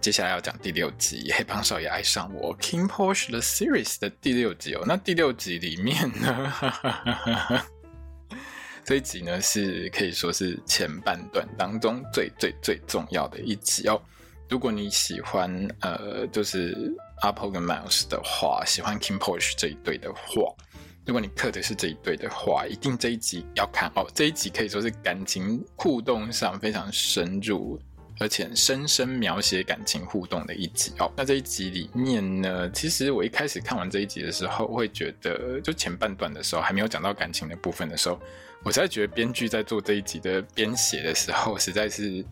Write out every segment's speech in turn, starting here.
接下來要講第六集，《黑幫少爺愛上我》KinnPorsche The Series 的第六集哦。那第六集裡面呢， 這一集呢是可以說是前半段當中最、最最最重要的一集哦。如果你喜歡呃、就是 Apple 跟 Mouse 的話，喜歡 KinnPorsche 這一對的話，如果你嗑的是這一對的話，一定這一集要看哦。這一集可以說是感情互動上非常深入。而且深深描寫感情互動的一集哦。那這一集裡面呢，其實我一開始看完這一集的時候，會覺得，就前半段的時候還沒有講到感情的部分的時候，我實在覺得編劇在做這一集的編寫的時候，實在是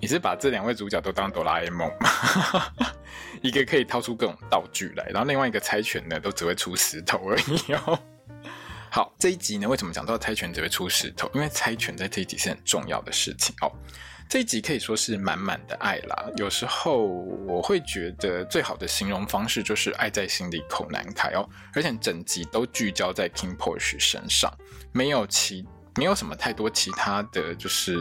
你是把這兩位主角都當哆啦 A 夢嗎？ 一個可以掏出各種道具來，然後另外一個猜拳的都只會出石頭而已哦。好，這一集呢，為什麼講到猜拳只會出石頭？因為猜拳在這一集是很重要的事情哦。這一集可以說是滿滿的愛啦。有時候我會覺得最好的形容方式就是愛在心裡口難開哦。而且整集都聚焦在 KinnPorsche 身上，沒有其沒有什麼太多其他的就是。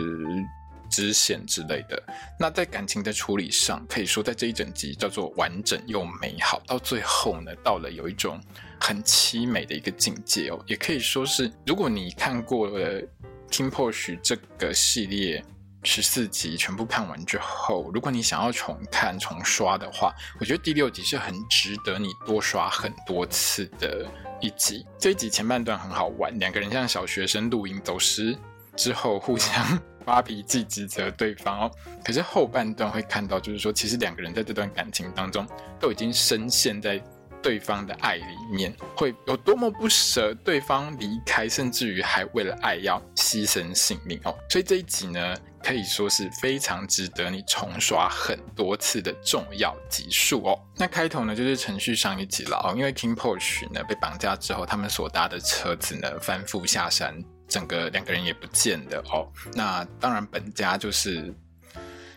支線之類的，那在感情的處理上，可以說在這一整集叫做完整又美好。到最後呢，到了有一種很淒美的一個境界哦。也可以說是，如果你看過了《KinnPorsche》這個系列十四集全部看完之後，如果你想要重看重刷的話，我覺得第六集是很值得你多刷很多次的一集。這一集前半段很好玩，兩個人像小學生露營走失之後互相。 發脾氣指責對方哦，可是後半段會看到，就是說，其實兩個人在這段感情當中都已經深陷在對方的愛裡面，會有多麼不舍對方離開，甚至於還為了愛要犧牲性命哦。所以這一集呢，可以說是非常值得你重刷很多次的重要集數哦。那開頭呢，就是承續上一集了哦，因為 KinnPorsche 呢被綁架之後，他們所搭的車子呢翻覆下山。整個兩個人也不見了哦。那當然，本家就是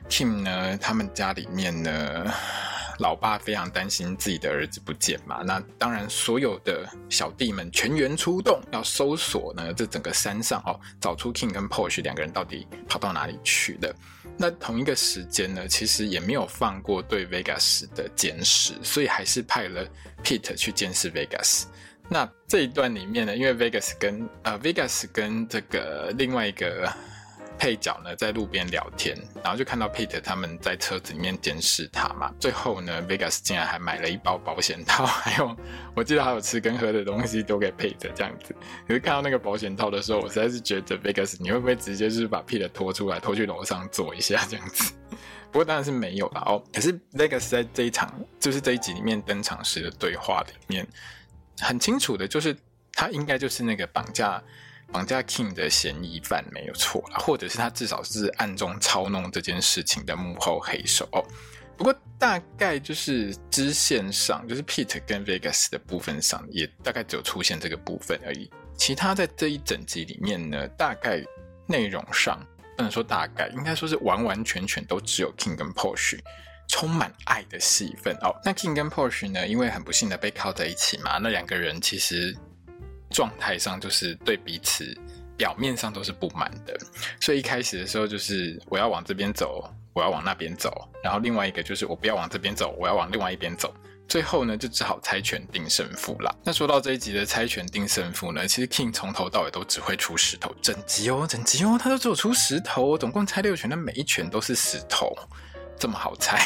Kinn 呢，他們家裡面呢，老爸非常擔心自己的兒子不見嘛。那當然，所有的小弟們全員出動，要搜索呢這整個山上哦，找出 Kinn 跟 Porsche 兩個人到底跑到哪裡去了。那同一個時間呢，其實也沒有放過對 Vegas 的監視，所以還是派了 Pete 去監視 Vegas。那這一段裡面呢，因為 Vegas 跟呃、Vegas 跟這個另外一個配角呢，在路邊聊天，然後就看到 Peter 他們在車子裡面監視他嘛。最後呢，Vegas 竟然還買了一包保險套，還有我記得還有吃跟喝的東西都給 Peter 這樣子。可是看到那個保險套的時候，我實在是覺得 Vegas，你會不會直接就是把 Peter 拖出來，拖去樓上坐一下這樣子？不過當然是沒有啦。哦。可是 Vegas 在這一場就是這一集裡面登場時的對話裡面。很清楚的，就是他應該就是那個綁架、綁架 Kinn 的嫌疑犯沒有錯，或者是他至少是暗中操弄這件事情的幕後黑手哦。不過大概就是支線上，就是 Pete 跟 Vegas 的部分上，也大概只有出現這個部分而已。其他在這一整集裡面呢，大概內容上不能說大概，應該說是完完全全都只有 Kinn 跟 Porsche。充滿愛的戲份哦。Oh, 那 King 跟 Porsche 呢，因為很不幸地，被銬在一起嘛，那兩個人其實狀態上就是對彼此表面上都是不滿的，所以一開始的時候就是我要往這邊走，我要往那邊走，然後另外一個就是我不要往這邊走，我要往另外一邊走。最後呢，就只好猜拳定勝負啦。那說到這一集的猜拳定勝負呢，其實 King 從頭到尾都只會出石頭，整集哦，整集哦，他都只有出石頭，總共猜六拳的每一拳都是石頭。這麼好猜，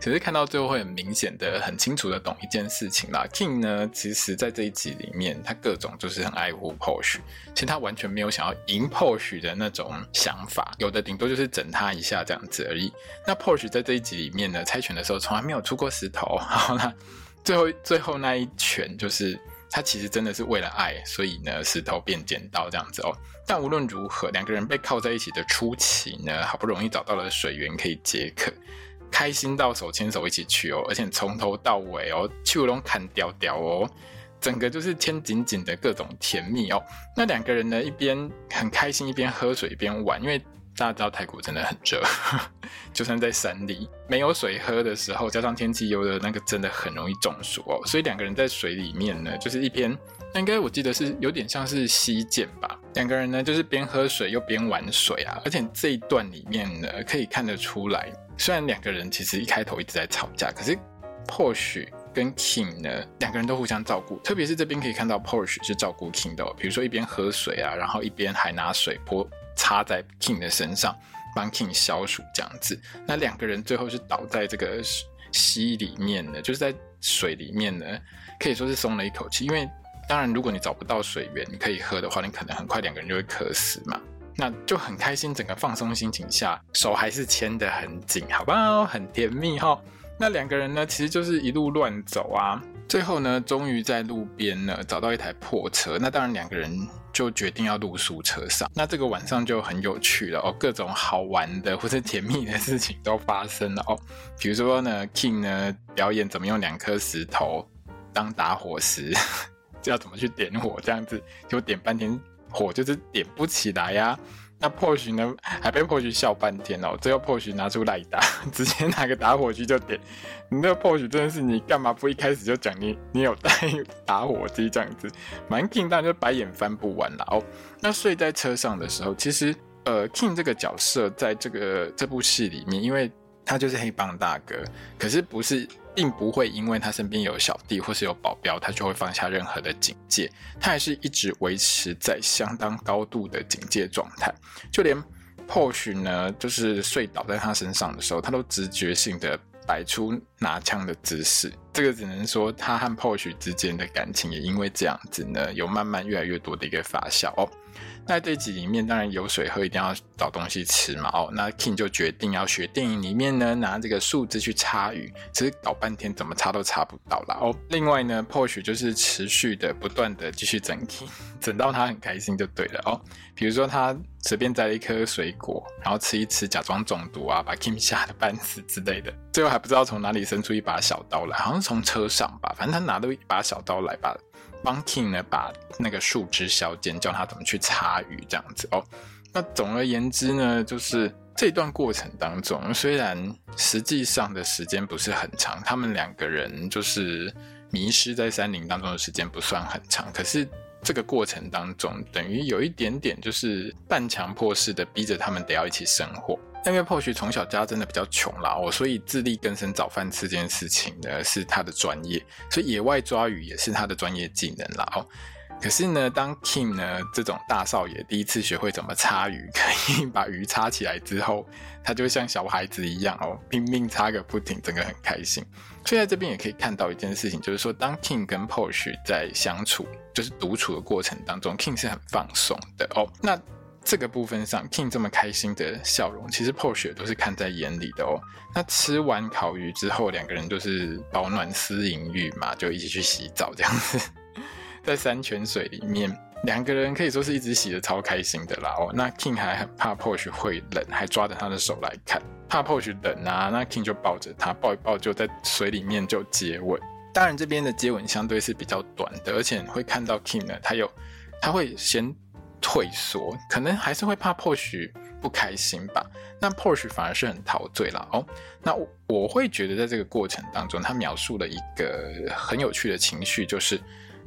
其實看到最後會很明顯的，很清楚的懂一件事情啦。Kinn 呢，其實，在這一集裡面，他各種就是很愛護 Porsche，其實他完全沒有想要贏 Porsche 的那種想法，有的頂多就是整他一下這樣子而已。那 Porsche 在這一集裡面呢，猜拳的時候，從來沒有出過石頭，然後呢，最後最後那一拳就是。他其實真的是為了愛，所以呢，石頭變剪刀這樣子哦。但無論如何，兩個人被銬在一起的初期呢，好不容易找到了水源可以解渴，開心到手牽手一起去哦。而且從頭到尾哦，去龍砍掉掉哦，整個就是牽緊緊的各種甜蜜哦。那兩個人呢，一邊很開心，一邊喝水，一邊玩，因為大家知道泰國真的很熱。 就算在山裡沒有水喝的時候，加上天氣又熱那個，真的很容易中暑哦。所以兩個人在水裡面呢，就是一邊那應該我記得是有點像是溪澗吧。兩個人呢，就是邊喝水又邊玩水啊。而且這一段裡面呢，可以看得出來，雖然兩個人其實一開頭一直在吵架，可是 Porsche 跟 Kinn 呢，兩個人都互相照顧。特別是這邊可以看到 Porsche 是照顧 Kinn 的哦，比如說一邊喝水啊，然後一邊還拿水潑擦在 Kinn 的身上。f u k i n g 消暑這樣子，那兩個人最後是倒在這個溪裡面的，就是在水裡面呢，可以說是鬆了一口氣。因為當然，如果你找不到水源你可以喝的話，你可能很快兩個人就會渴死嘛。那就很開心，整個放鬆心情下，手還是牽得很緊，好不好？很甜蜜哈。那兩個人呢，其實就是一路亂走啊，最後呢，終於在路邊呢找到一台破車。那當然，兩個人。就決定要露宿車上，那這個晚上就很有趣了哦，各種好玩的或者甜蜜的事情都發生了哦，比如說呢，Kinn 呢表演怎麼用兩顆石頭當打火石， 要怎麼去點火，這樣子，就點半天火就是點不起來呀、啊。那 Porsche 呢，還被 Porsche 笑半天哦！最後 Porsche 拿出賴打，直接拿個打火機就點。你那 Porsche 真的是，你幹嘛不一開始就講你你有帶打火機這樣子？蠻 Kinn，當然就白眼翻不完了哦。那睡在車上的時候，其實呃 Kinn 這個角色在這個這部戲裡面，因為他就是黑幫大哥，可是不是。並不會因為他身邊有小弟或是有保鏢，他就會放下任何的警戒，他還是一直維持在相當高度的警戒狀態。就連 Porsche 呢，就是睡倒在他身上的時候，他都直覺性的擺出拿槍的姿勢。這個只能說他和 Porsche 之間的感情也因為這樣子呢，有慢慢越來越多的一個發酵哦。在這集裡面，當然有水喝，一定要找東西吃嘛。哦，那 Kinn 就決定要學電影裡面呢，拿這個樹枝去插魚，其實搞半天怎麼插都插不到啦。哦，另外呢，Porsche 就是持續的、不斷的繼續整 Kinn，整到他很開心就對了。哦，比如說他隨便摘了一顆水果，然後吃一吃，假裝中毒啊，把 Kinn 嚇得半死之類的。最後還不知道從哪裡伸出一把小刀來，好像從車上吧，反正他拿了一把小刀來吧。幫 King 呢把那個樹枝削尖，教他怎麼去叉魚，這樣子哦。那總而言之呢，就是這段過程當中，雖然實際上的時間不是很長，他們兩個人就是迷失在山林當中的時間不算很長，可是這個過程當中，等於有一點點就是半強迫式的逼着他們得要一起生活。因為 Porsche 從小家真的比較窮啦哦，所以自力更生找飯吃這件事情呢是他的專業，所以野外抓魚也是他的專業技能啦哦。可是呢，當 Kinn 呢這種大少爺第一次學會怎麼叉魚，可以把魚叉起來之後，他就會像小孩子一樣哦，拼命叉個不停，真的很開心。所以在這邊也可以看到一件事情，就是說當 Kinn 跟 Porsche 在相處，就是獨處的過程當中，Kinn 是很放鬆的哦。那。這個部分上，King 這麼開心的笑容，其實 Porsche 都是看在眼裡的哦。那吃完烤魚之後，兩個人就是飽暖思淫欲嘛，就一起去洗澡這樣子，在山泉水裡面，兩個人可以說是一直洗得超開心的啦哦。那 King 還很怕 Porsche 會冷，還抓着他的手來看，怕 Porsche 冷啊，那 King 就抱着他，抱一抱就在水裡面就接吻。當然這邊的接吻相對是比較短的，而且會看到 King 呢，他有他會先，退縮，可能還是會怕 Porsche 不開心吧。那 Porsche 反而是很陶醉啦。哦。那我，我會覺得，在這個過程當中，他描述了一個很有趣的情緒，就是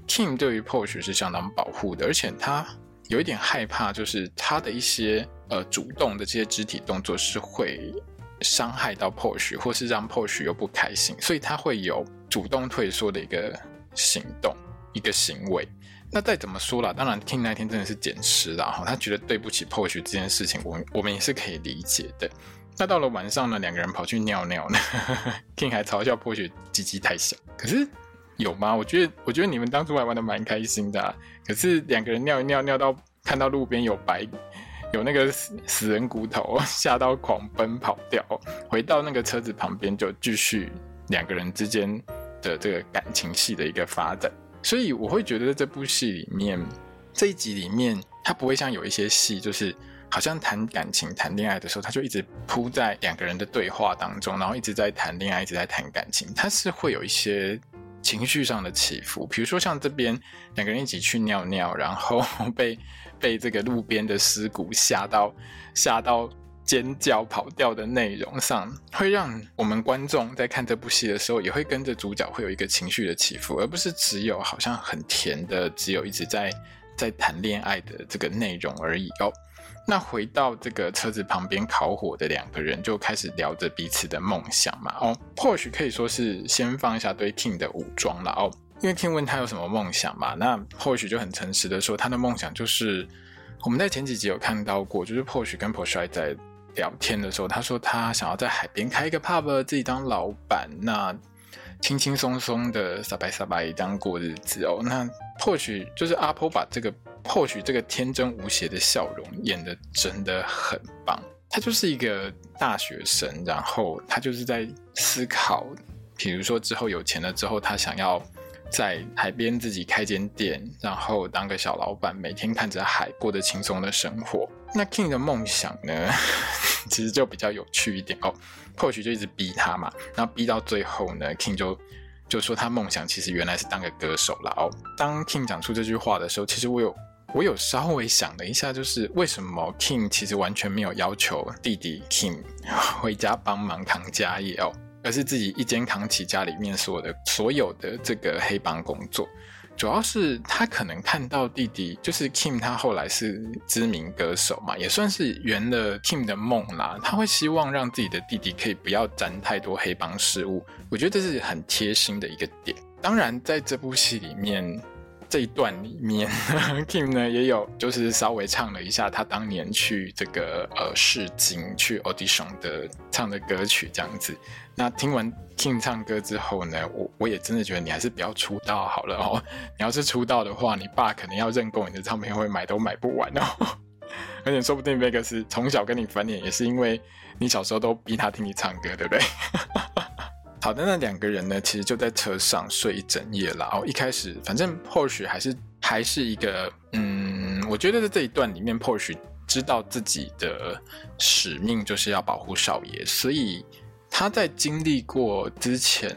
k i n g 對於 Porsche 是相當保護的，而且他有一點害怕，就是他的一些呃主動的這些肢體動作是會傷害到 Porsche，或是讓 Porsche 又不開心，所以他會有主動退縮的一個行動，一個行為。那再怎麼說啦，當然 King 那天真的是撿屍了哈，他覺得對不起 Porsche 這件事情，我我們也是可以理解的。那到了晚上呢，兩個人跑去尿尿呢 ，King 還嘲笑 Porsche 雞雞太小，可是有嗎？我覺得我覺得你們當初還玩的蠻開心的啊，可是兩個人尿一尿，尿到看到路邊有白有那個死死人骨頭，嚇到狂奔跑掉，回到那個車子旁邊就繼續兩個人之間的這個感情戲的一個發展。所以我會覺得這部戲裡面這一集裡面，它不會像有一些戲，就是好像談感情、談戀愛的時候，它就一直鋪在兩個人的對話當中，然後一直在談戀愛，一直在談感情，它是會有一些情緒上的起伏。比如說像這邊兩個人一起去尿尿，然後被被這個路邊的屍骨嚇到，嚇到。尖叫跑掉的內容上，會讓我們觀眾在看這部戲的時候，也會跟着主角會有一個情緒的起伏，而不是只有好像很甜的，只有一直在在談戀愛的這個內容而已哦。那回到這個車子旁邊烤火的兩個人，就開始聊着彼此的夢想嘛哦。Porsche 可以說是先放下對 King 的武裝了哦，因為 King 問他有什麼夢想嘛，那 Porsche 就很誠實的說，他的夢想就是我們在前幾集有看到過，就是 Porsche 跟 Porsche 在。聊天的時候，他說他想要在海邊開一個 pub，自己當老闆，那輕輕鬆鬆的傻白傻白一張過日子哦。那或許就是阿婆把這個或許這個天真無邪的笑容演的真的很棒。他就是一個大學生，然後他就是在思考，比如說之後有錢了之後，他想要在海邊自己開間店，然後當個小老闆，每天看着海，過得輕鬆的生活。那 Kinn 的夢想呢，其實就比較有趣一點哦。Porsche 就一直逼他嘛，然後逼到最後呢，Kinn 就就說他夢想其實原來是當個歌手啦哦。當 Kinn 講出這句話的時候，其實我有我有稍微想了一下，就是為什麼 Kinn 其實完全沒有要求弟弟 Kim 回家幫忙扛家業哦，而是自己一肩扛起家裡面所有的所有的這個黑幫工作。主要是他可能看到弟弟，就是 Kim，他後來是知名歌手嘛，也算是圓了 Kim 的夢啦。他會希望讓自己的弟弟可以不要沾太多黑幫事務，我覺得這是很貼心的一個點。當然，在這部戲裡面。這一段裡面，Kim 呢也有，就是稍微唱了一下他當年去這個呃試鏡，去 audition 的唱的歌曲這樣子。那聽完 Kim 唱歌之後呢，我我也真的覺得你還是不要出道好了哦。你要是出道的話，你爸肯定要認購你的唱片，會買都買不完哦。 而且說不定 Vegas 從小跟你翻臉也是因為你小時候都逼他聽你唱歌，對不對？ 好的，那兩個人呢，其實就在車上睡一整夜了。然後，哦，一開始，反正 Porsche 還是還是一個，嗯，我覺得在這一段裡面，Porsche 知道自己的使命就是要保護少爺，所以他在經歷過之前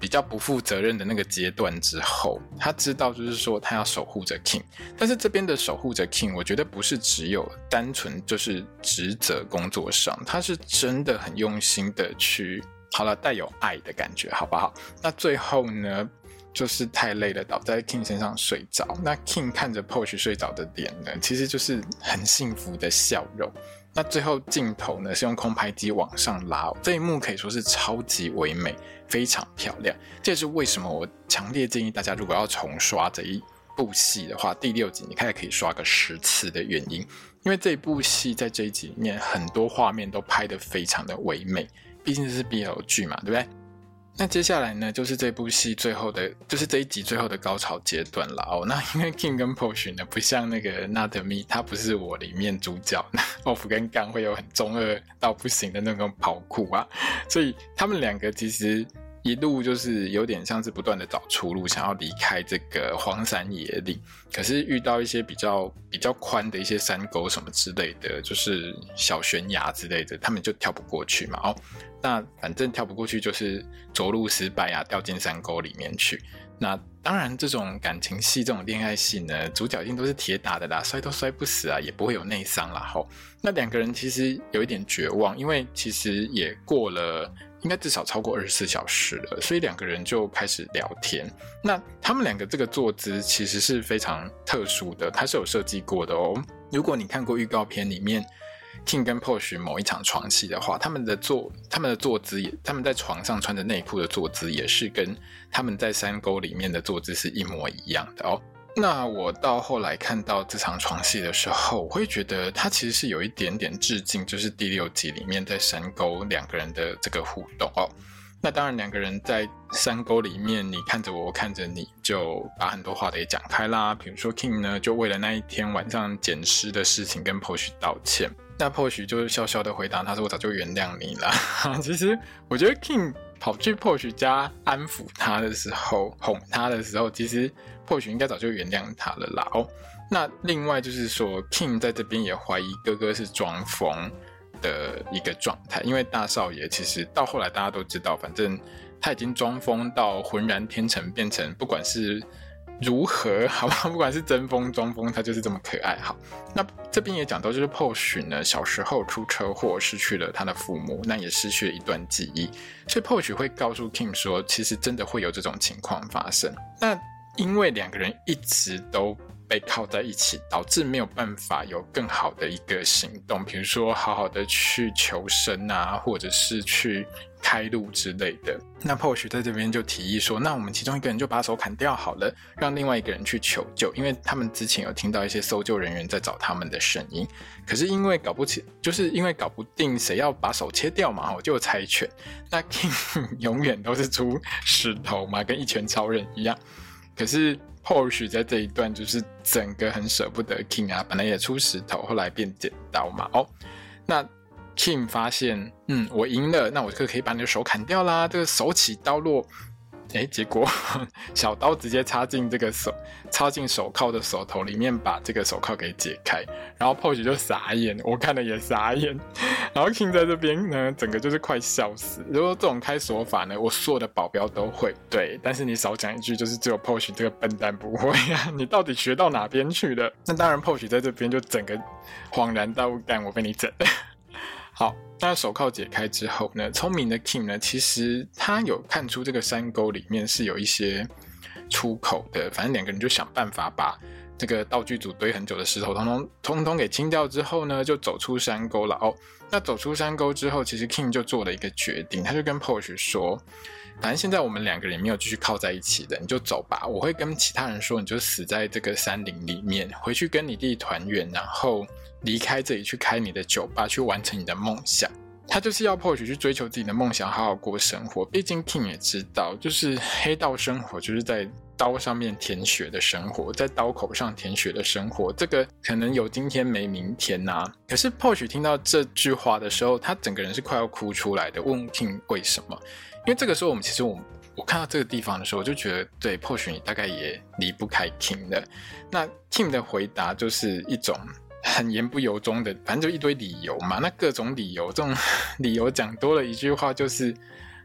比較不負責任的那個階段之後，他知道就是說他要守護着 King。但是這邊的守護着 King，我覺得不是只有單純就是職責工作上，他是真的很用心的去。好了，帶有愛的感覺，好不好？那最後呢，就是太累了，倒在 King 身上睡着。那 King 看着 Porsche 睡着的臉呢，其實就是很幸福的笑容。那最後鏡頭呢，是用空拍機往上拉，哦，這一幕可以說是超級唯美，非常漂亮。這也是為什麼我強烈建議大家，如果要重刷這一部戲的話，第六集你大概可以刷個十次的原因，因為這部戲在這一集裡面很多畫面都拍得非常的唯美。畢竟是 BL 劇嘛，對不對？那接下來呢，就是這部戲最後的，就是這一集最後的高潮階段了哦。那因為 Kinn 跟 Porsche 呢，不像那個 Not Me，他不是我裡面主角，Off 跟 Gun 會有很中二到不行的那種跑酷啊，所以他們兩個其實。一路就是有點像是不斷的找出路，想要離開這個荒山野嶺。可是遇到一些比較比較寬的一些山溝什麼之類的，就是小懸崖之類的，他們就跳不過去嘛。哦，那反正跳不過去就是着陸失敗啊，掉進山溝裡面去。那當然，這種感情戲、這種戀愛戲呢，主角一定都是鐵打的啦，摔都摔不死啊，也不會有內傷啦。吼、哦，那兩個人其實有一點絕望，因為其實也過了。應該至少超過二十四小時了，所以兩個人就開始聊天。那他們兩個這個坐姿其實是非常特殊的，它是有設計過的哦。如果你看過預告片裡面 Kinn 跟 Porsche 某一場床戲的話，他們的坐他們的坐姿也他們在床上穿的內褲的坐姿也是跟他們在山溝裡面的坐姿是一模一樣的哦。那我到後來看到這場床戲的時候，我會覺得他其實是有一點點致敬，就是第六集裡面在山溝兩個人的這個互動哦。那當然，兩個人在山溝裡面，你看着我，我看着你，就把很多話給講開啦。比如說 Kinn 呢，就為了那一天晚上撿屍的事情跟 Porsche 道歉，那 Porsche 就是笑笑的回答，他說我早就原諒你了。其實，我覺得 Kinn 跑去 Porsche 家安撫他的時候，哄他的時候，其實 Porsche 應該早就原諒他了啦。哦，那另外就是說，Kinn 在這邊也懷疑哥哥是裝瘋的一個狀態，因為大少爺其實到後來大家都知道，反正他已經裝瘋到渾然天成，變成不管是。如何？好吧，不管是真瘋裝瘋，他就是這麼可愛。好，那這邊也講到，就是 Porsche 呢，小時候出車禍失去了他的父母，那也失去了一段記憶，所以 Porsche 會告訴 Kim 說，其實真的會有這種情況發生。那因為兩個人一直都。被靠在一起，導致沒有辦法有更好的一個行動，比如說好好的去求生啊，或者是去開路之類的。那 Porsche 在這邊就提議說：“那我們其中一個人就把手砍掉好了，讓另外一個人去求救，因為他們之前有聽到一些搜救人員在找他們的聲音。可是因為搞不清，就是因為搞不定誰要把手切掉嘛，我就有猜拳。那 King 永遠都是出石頭嘛，跟一拳超人一樣。”可是，Porsche 在這一段就是整個很捨不得 King 啊，本來也出石頭，後來變剪刀嘛。哦，那 King 發現，嗯，我贏了，那我就可以把你的手砍掉啦，這個手起刀落。哎，結果小刀直接插進這個手，插進手銬的手頭裡面，把這個手銬給解開，然後 Porsche 就傻眼，我看了也傻眼，然後 Kinn 在這邊呢，整個就是快笑死。如果這種開鎖法呢，我所有的保鏢都會，對，但是你少講一句，就是只有 Porsche 這個笨蛋不會啊，你到底學到哪邊去了？那當然 Porsche 在這邊就整個恍然大悟，但我被你整。好，那手銬解開之後呢，聰明的 Kinn 呢，其實他有看出這個山溝裡面是有一些出口的，反正兩個人就想辦法把這個道具組堆很久的石頭通通通通給清掉之後呢，就走出山溝了哦。那走出山溝之後，其實 Kinn 就做了一個決定，他就跟 Porsche 說：“反正現在我們兩個人沒有繼續靠在一起的，你就走吧，我會跟其他人說，你就死在這個山林裡面，回去跟你弟團圓，然後。”離開這裡去開你的酒吧，去完成你的夢想。他就是要 Porsche 去追求自己的夢想，好好過生活。畢竟 Kinn 也知道，就是黑道生活就是在刀上面舔血的生活，在刀口上舔血的生活，這個可能有今天沒明天吶、啊。可是 Porsche 聽到這句話的時候，他整個人是快要哭出來的。問 Kinn 為什麼？因為這個時候我們其實我們我看到這個地方的時候，我就覺得對 Porsche 你大概也離不開 Kinn 的。那 Kinn 的回答就是一種。很言不由衷的，反正就一堆理由嘛，那各種理由，這種理由講多了一句話就是，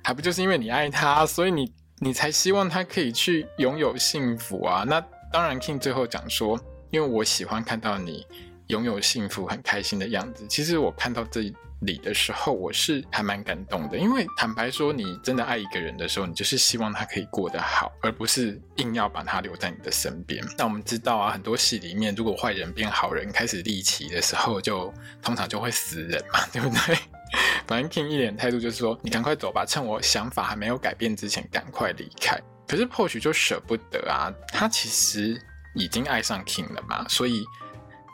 還不就是因為你愛他，所以你你才希望他可以去擁有幸福啊？那當然，Kinn 最後講說，因為我喜歡看到你擁有幸福、很開心的樣子。其實我看到這一。禮的時候，我是還蠻感動的，因為坦白說，你真的愛一個人的時候，你就是希望他可以過得好，而不是硬要把他留在你的身邊。但我們知道啊，很多戲裡面，如果壞人變好人開始立旗的時候，就通常就會死人嘛，對不對？反正 Kinn 一臉態度就是說：“你趕快走吧，趁我想法還沒有改變之前，趕快離開。”可是 Porsche 就捨不得啊，他其實已經愛上 Kinn 了嘛，所以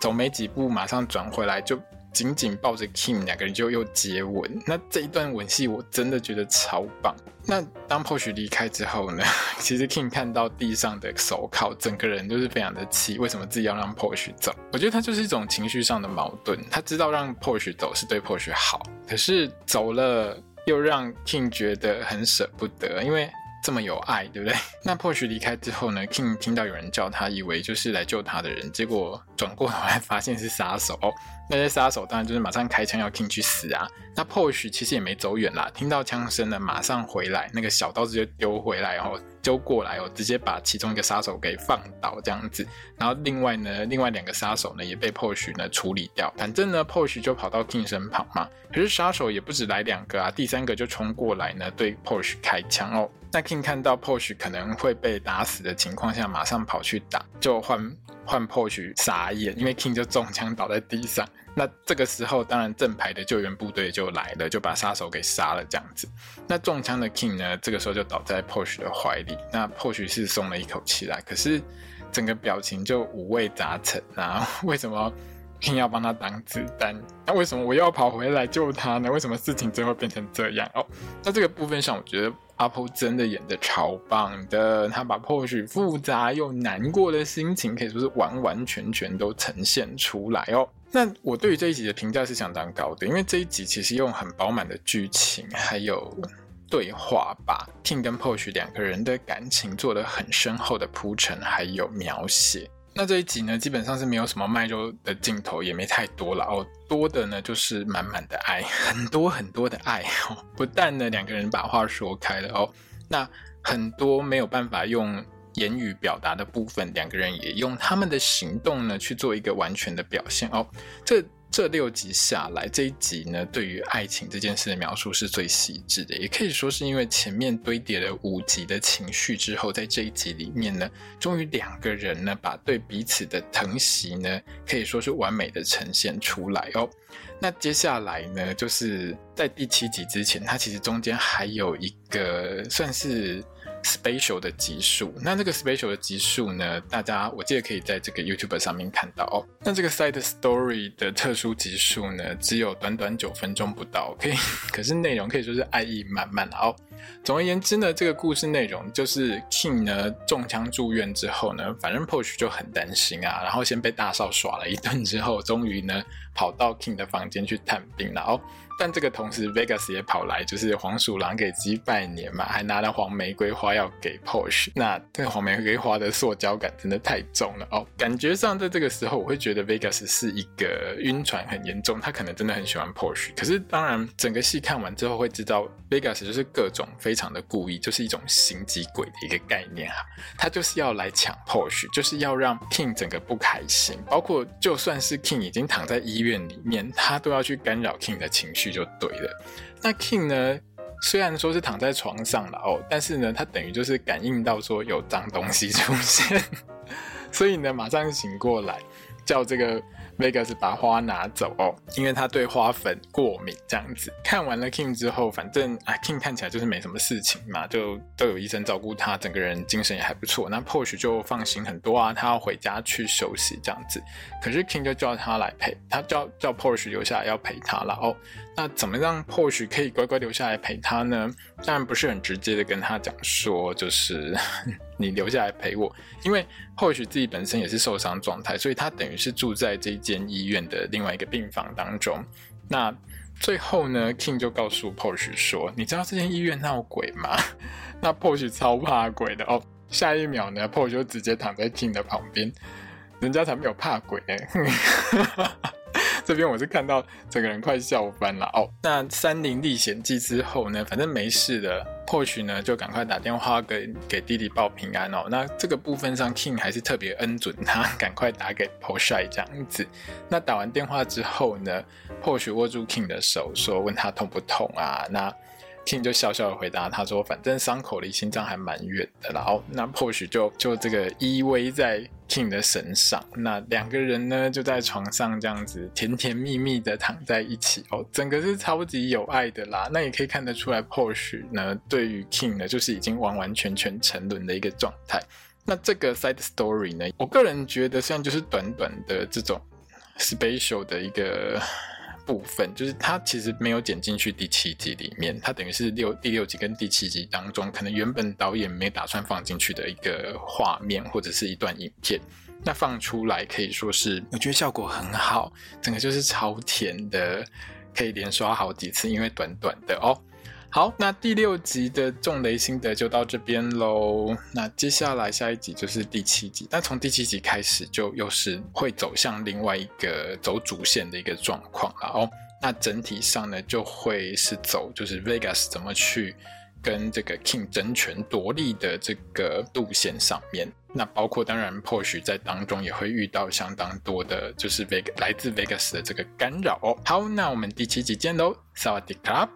走沒幾步，馬上轉回來就。緊緊抱着 Kinn，兩個人就又接吻。那這一段吻戲我真的覺得超棒。那當 Porsche 離開之後呢？其實 Kinn 看到地上的手銬，整個人都是非常的氣。為什麼自己要讓 Porsche 走？我覺得他就是一種情緒上的矛盾。他知道讓 Porsche 走是對 Porsche 好，可是走了又讓 Kinn 覺得很舍不得，因為。這麼有愛，對不對？那 Porsche 離開之後呢？Kinn 聽到有人叫他，以為就是來救他的人，結果轉過頭來發現是殺手哦。那些殺手當然就是馬上開槍要 Kinn 去死啊。那 Porsche 其實也沒走遠啦，聽到槍聲呢，馬上回來，那個小刀子就丟回來哦，然後丟過來哦，直接把其中一個殺手給放倒這樣子。然後另外呢，另外兩個殺手呢也被 Porsche 呢處理掉。反正呢，Porsche 就跑到 Kinn 身旁嘛。可是殺手也不止來兩個啊，第三個就衝過來呢，對 Porsche 開槍哦。那 Kinn 看到 Porsche 可能會被打死的情況下，馬上跑去打，就換換 Porsche 傻眼，因為 Kinn 就中槍倒在地上。那這個時候，當然正牌的救援部隊就來了，就把殺手給殺了，這樣子。那中槍的 Kinn 呢，這個時候就倒在 Porsche 的懷裡。那 Porsche 是鬆了一口氣啦，可是整個表情就五味雜陳啊，為什麼？Kinn 要幫他擋子彈，那為什麼我又要跑回來救他呢？為什麼事情最後變成這樣哦？那這個部分上，我覺得阿 Po 真的演的超棒的，他把 Porsche 複雜又難過的心情可以說是完完全全都呈現出來哦。那我對於這一集的評價是相當高的，因為這一集其實用很飽滿的劇情還有對話吧，把 Kinn 跟 Porsche 兩個人的感情做了很深厚的鋪陳還有描寫。那這一集呢，基本上是沒有什麼賣肉的鏡頭，也沒太多了哦。多的呢，就是滿滿的愛，很多很多的愛。哦，不但呢，兩個人把話說開了哦，那很多沒有辦法用言語表達的部分，兩個人也用他們的行動呢去做一個完全的表現哦。這。這六集下來，這一集呢，對於愛情這件事的描述是最細緻的，也可以說是因為前面堆疊了五集的情緒之後，在這一集裡面呢，終於兩個人呢，把對彼此的疼惜呢，可以說是完美的呈現出來哦。那接下來呢，就是在第七集之前，它其實中間還有一個，算是。special 的集數，那這個 special 的集數呢，大家我記得可以在這個 YouTube 上面看到哦。那這個 side story 的特殊集數呢，只有短短九分鐘不到，可以，可是內容可以說是愛意滿滿哦。總而言之呢，這個故事內容就是 Kinn 呢中槍住院之後呢，反正 Porsche 就很擔心啊，然後先被大少耍了一頓之後，終於呢跑到 Kinn 的房間去探病了哦。但這個同時，Vegas 也跑來，就是黃鼠狼給雞拜年嘛，還拿了黃玫瑰花要給 Porsche。那這個黃玫瑰花的塑膠感真的太重了哦。感覺上，在這個時候，我會覺得 Vegas 是一個暈船很嚴重，他可能真的很喜歡 Porsche。可是，當然，整個戲看完之後會知道，Vegas 就是各種非常的故意，就是一種心機鬼的一個概念哈。他就是要來搶 Porsche，就是要讓 Kinn 整個不開心。包括就算是 Kinn 已經躺在醫院裡面，他都要去干擾 Kinn 的情緒。就對了。那 Kinn 呢？雖然說是躺在床上了哦，但是呢，他等於就是感應到說有髒東西出現， 所以呢，馬上醒過來叫這個 Vegas 把花拿走哦，因為他對花粉過敏這樣子。看完了 Kinn 之後，反正啊，Kinn 看起來就是沒什麼事情嘛，就都有醫生照顧他，整個人精神也還不錯。那 Porsche 就放心很多啊，他要回家去休息這樣子。可是 Kinn 就叫他來陪，他叫叫 Porsche 留下來要陪他，哦，然後。那怎麼讓 Porsche 可以乖乖留下來陪他呢？當然不是很直接的跟他講說，就是 你留下來陪我，因為 Porsche 自己本身也是受傷狀態，所以他等於是住在這間醫院的另外一個病房當中。那最後呢，Kinn 就告訴 Porsche 說：“你知道這間醫院鬧鬼嗎？”那 Porsche 超怕鬼的哦。下一秒呢 ，Porsche 就直接躺在 Kinn 的旁邊，人家才沒有怕鬼，欸 這邊我是看到整個人快笑翻了哦。那《森林歷險記》之後呢，反正沒事的，Porsche 呢就趕快打電話給給弟弟報平安哦。那這個部分上，Kinn 還是特別恩准他趕快打給 Porsche 這樣子。那打完電話之後呢，Porsche 握住 Kinn 的手，說問他痛不痛啊？那。King 就笑笑的回答，他說：“反正傷口離心臟還蠻遠的，然後、哦、那 Porsche 就就這個依偎在 King 的身上，那兩個人呢就在床上這樣子甜甜蜜蜜的躺在一起哦，整個是超級有愛的啦，那也可以看得出來，Porsche 呢對於 King 呢就是已經完完全全沉淪的一個狀態。那這個 side story 呢，我個人覺得雖然就是短短的這種 special 的一個。”部分就是它其實沒有剪進去第七集裡面，它等於是六第六集跟第七集當中，可能原本導演沒打算放進去的一個畫面或者是一段影片，那放出來可以說是我覺得效果很好，整個就是超甜的，可以連刷好幾次，因為短短的哦。好，那第六集的重雷心得就到這邊嘍。那接下來下一集就是第七集，那從第七集開始就又是會走向另外一個走主線的一個狀況了哦。那整體上呢，就會是走就是 Vegas 怎麼去跟這個 King 爭權奪利的這個路線上面。那包括當然 Porsche 在當中也會遇到相當多的，就是 Vegas 來自 Vegas 的這個干擾哦。好，那我們第七集見嘍，Sawadi Club